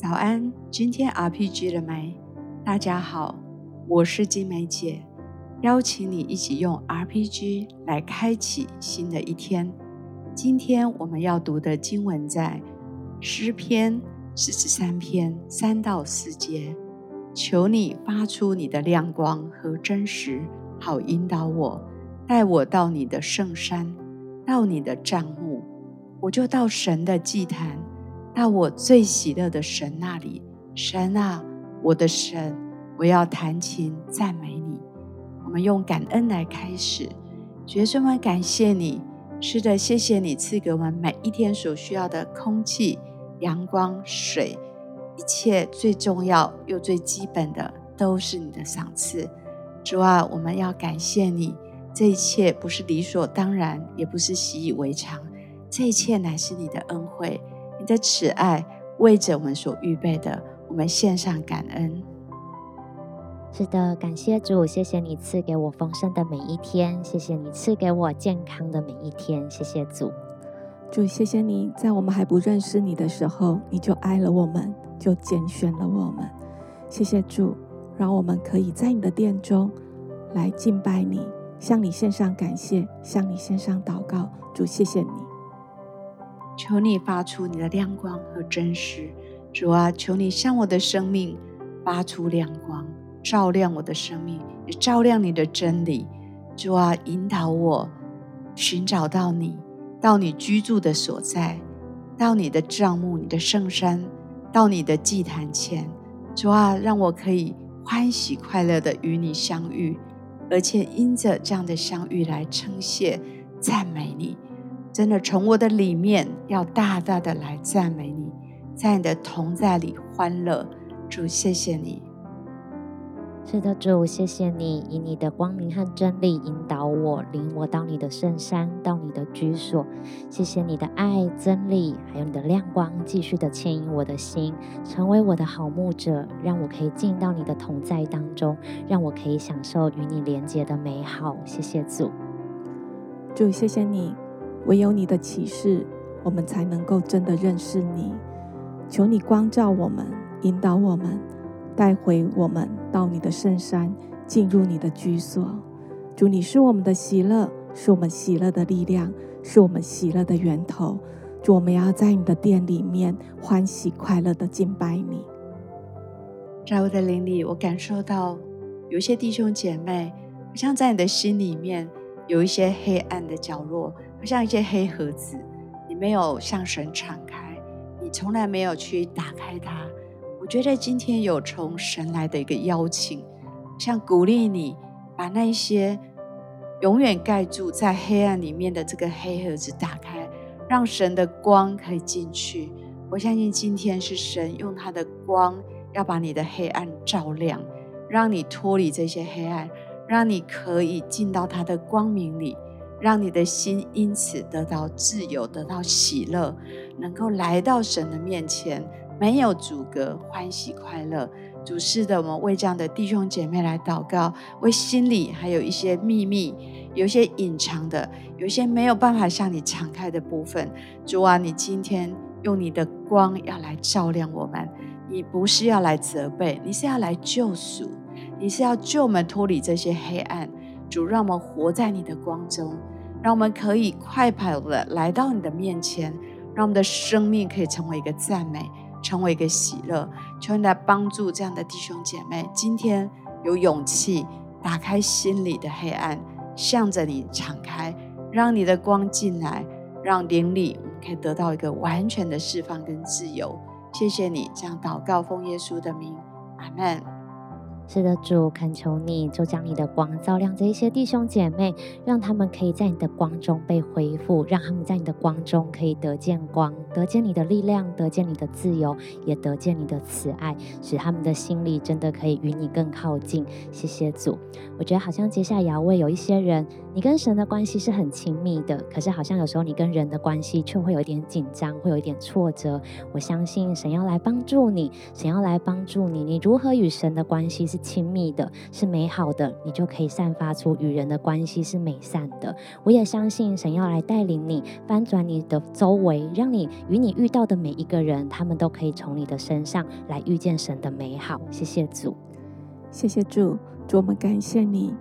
早安，今天 RPG 了沒？大家好，我是晶玫姊，邀請你一起用 RPG 來開啟新的一天。今天我們要讀的經文在詩篇四十三篇三到四節，求你發出你的亮光和真實，好引導我，帶我到你的聖山，到你的帳幕，我就到神的祭壇，到我最喜樂的神那裡，神啊，我的神，我要彈琴讚美你。我們用感恩來開始，學生們感謝你。是的，謝謝你賜給我們每一天所需要的空氣、陽光、水，一切最重要又最基本的都是你的賞賜。主啊，我們要感謝你，這一切不是理所當然，也不是習以為常，這一切乃是你的恩惠。你的慈愛為着我們所預備的，我們獻上感恩。是的，感謝主，謝謝你賜給我豐盛的每一天，謝謝你賜給我健康的每一天，謝謝主。主，謝謝你，在我們還不認識你的時候，你就愛了我們，就揀選了我們。謝謝主，讓我們可以在你的殿中來敬拜你，向你獻上感謝，向你獻上禱告。主，謝謝你。求你發出你的亮光和真實，主啊，求你向我的生命發出亮光，照亮我的生命，也照亮你的真理。主啊，引導我尋找到你，到你居住的所在，到你的帳幕、你的聖山，到你的祭壇前。主啊，讓我可以歡喜快樂的與你相遇，而且因着這樣的相遇來稱謝、讚美你。真的，從我的裡面要大大的來讚美你，在你的同在裡歡樂。主，謝謝你。是的，主，謝謝你，以你的光明和真理引導我，領我到你的聖山，到你的居所。謝謝你的愛、真理，還有你的亮光，繼續的牽引我的心，成為我的好牧者，讓我可以進到你的同在當中，讓我可以享受與你連結的美好。謝謝主。主，謝謝你。唯有你的啟示，我們才能夠真的認識你。求你光照我們，引導我們，帶回我們到你的聖山，進入你的居所。主，你是我們的喜樂，是我們喜樂的力量，是我們喜樂的源頭。主，我們要在你的殿裡面歡喜快樂的敬拜你。在我的靈裡，我感受到有些弟兄姐妹，像在你的心裡面。有一些黑暗的角落，像一些黑盒子，你沒有向神敞開，你從來沒有去打開它。我覺得今天有從神來的一個邀請，像鼓勵你把那些永遠蓋住在黑暗裡面的這個黑盒子打開，讓神的光可以進去。我相信今天是神用他的光要把你的黑暗照亮，讓你脫離這些黑暗。讓你可以進到他的光明裡，讓你的心因此得到自由，得到喜樂，能夠來到神的面前，沒有阻隔，歡喜快樂。主是的，我們為這樣的弟兄姐妹來禱告，為心裡還有一些秘密，有一些隱藏的，有一些沒有辦法向你敞開的部分。主啊，你今天用你的光要來照亮我們，你不是要來責備，你是要來救贖。你是要救我們脫離這些黑暗，主讓我們活在你的光中，讓我們可以快跑的來到你的面前，讓我們的生命可以成為一個讚美，成為一個喜樂。求你來幫助這樣的弟兄姐妹，今天有勇氣打開心裡的黑暗，向着你敞開，讓你的光進來，讓靈裡我們可以得到一個完全的釋放跟自由。謝謝你這樣禱告，奉耶穌的名，阿門。是的，主懇求你，就將你的光照亮這一些弟兄姐妹，讓他們可以在你的光中被恢復，讓他們在你的光中可以得見光，得見你的力量，得見你的自由，也得見你的慈愛，使他們的心裡真的可以與你更靠近。謝謝主，我覺得好像接下來也要為有一些人，你跟神的關係是很親密的，可是好像有時候你跟人的關係卻會有一點緊張，會有一點挫折。我相信神要來幫助你，神要來幫助你，你如何與神的關係是？親密的，是美好的，你就可以散發出與人的關係是美善的。我也相信神要來帶領你，翻轉你的周圍，讓你與你遇到的每一個人，他們都可以從你的身上來遇見神的美好。謝謝主，謝謝主，主我們感謝你，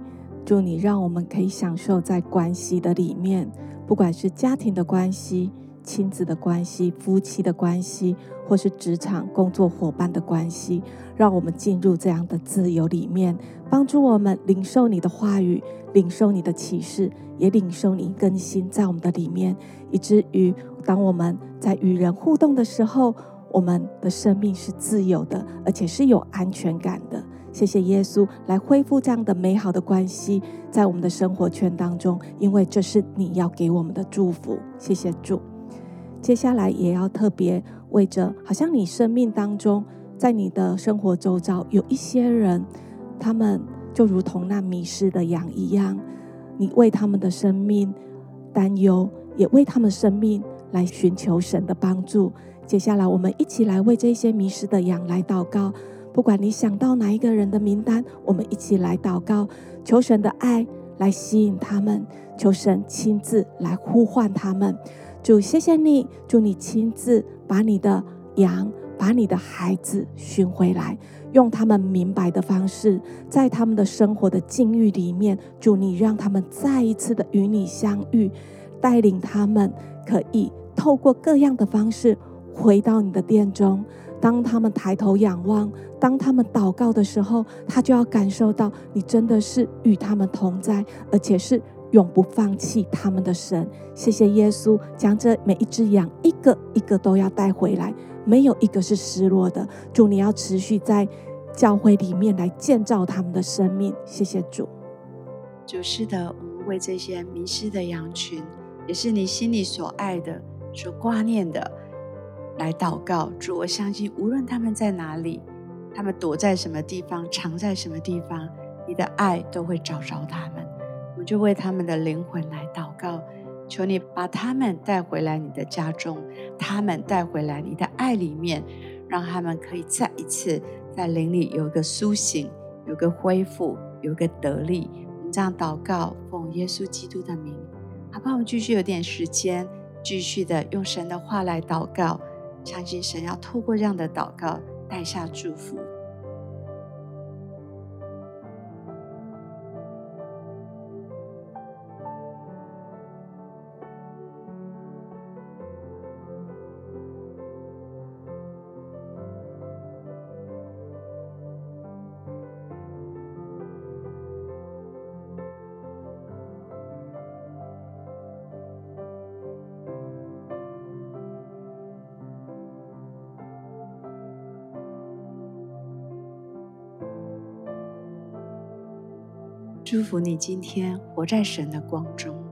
祝你讓我們可以享受在關係的裡面，不管是家庭的關係、親子的關係、夫妻的關係。或是職場工作夥伴的關係，讓我們進入這樣的自由裡面，幫助我們領受你的話語，領受你的啟示，也領受你更新在我們的裡面，以至於當我們在與人互動的時候，我們的生命是自由的，而且是有安全感的。謝謝耶穌，來恢復這樣的美好的關係在我們的生活圈當中，因為這是你要給我們的祝福。謝謝主。接下來也要特別為着，好像你生命當中，在你的生活周遭有一些人，他們就如同那迷失的羊一樣，你為他們的生命擔憂，也為他們生命來尋求神的幫助。接下來，我們一起來為這些迷失的羊來禱告。不管你想到哪一個人的名單，我們一起來禱告，求神的愛來吸引他們，求神親自來呼喚他們。主，謝謝你，主，你親自把你的羊，把你的孩子尋回來，用他們明白的方式，在他們的生活的境遇裡面，主，你讓他們再一次的與你相遇，帶領他們可以透過各樣的方式回到你的殿中。當他們抬頭仰望，當他們禱告的時候，他就要感受到你真的是與他們同在，而且是。永不放棄他們的神，謝謝耶穌將這每一隻羊一個一個都要帶回來，沒有一個是失落的。主，你要持續在教會裡面來建造他們的生命。謝謝主，主，是的，我們為這些迷失的羊群，也是你心裡所愛的、所掛念的，來禱告。主，我相信無論他們在哪裡，他們躲在什麼地方、藏在什麼地方，你的愛都會找着他們。就為他們的靈魂來禱告，求你把他們帶回來你的家中，他們帶回來你的愛裡面，讓他們可以再一次在靈裡有個甦醒，有個恢復，有個得力。我們這樣禱告，奉耶穌基督的名，好不好？我們繼續有點時間，繼續的用神的話來禱告，相信神要透過這樣的禱告帶下祝福。祝福你今天活在神的光中。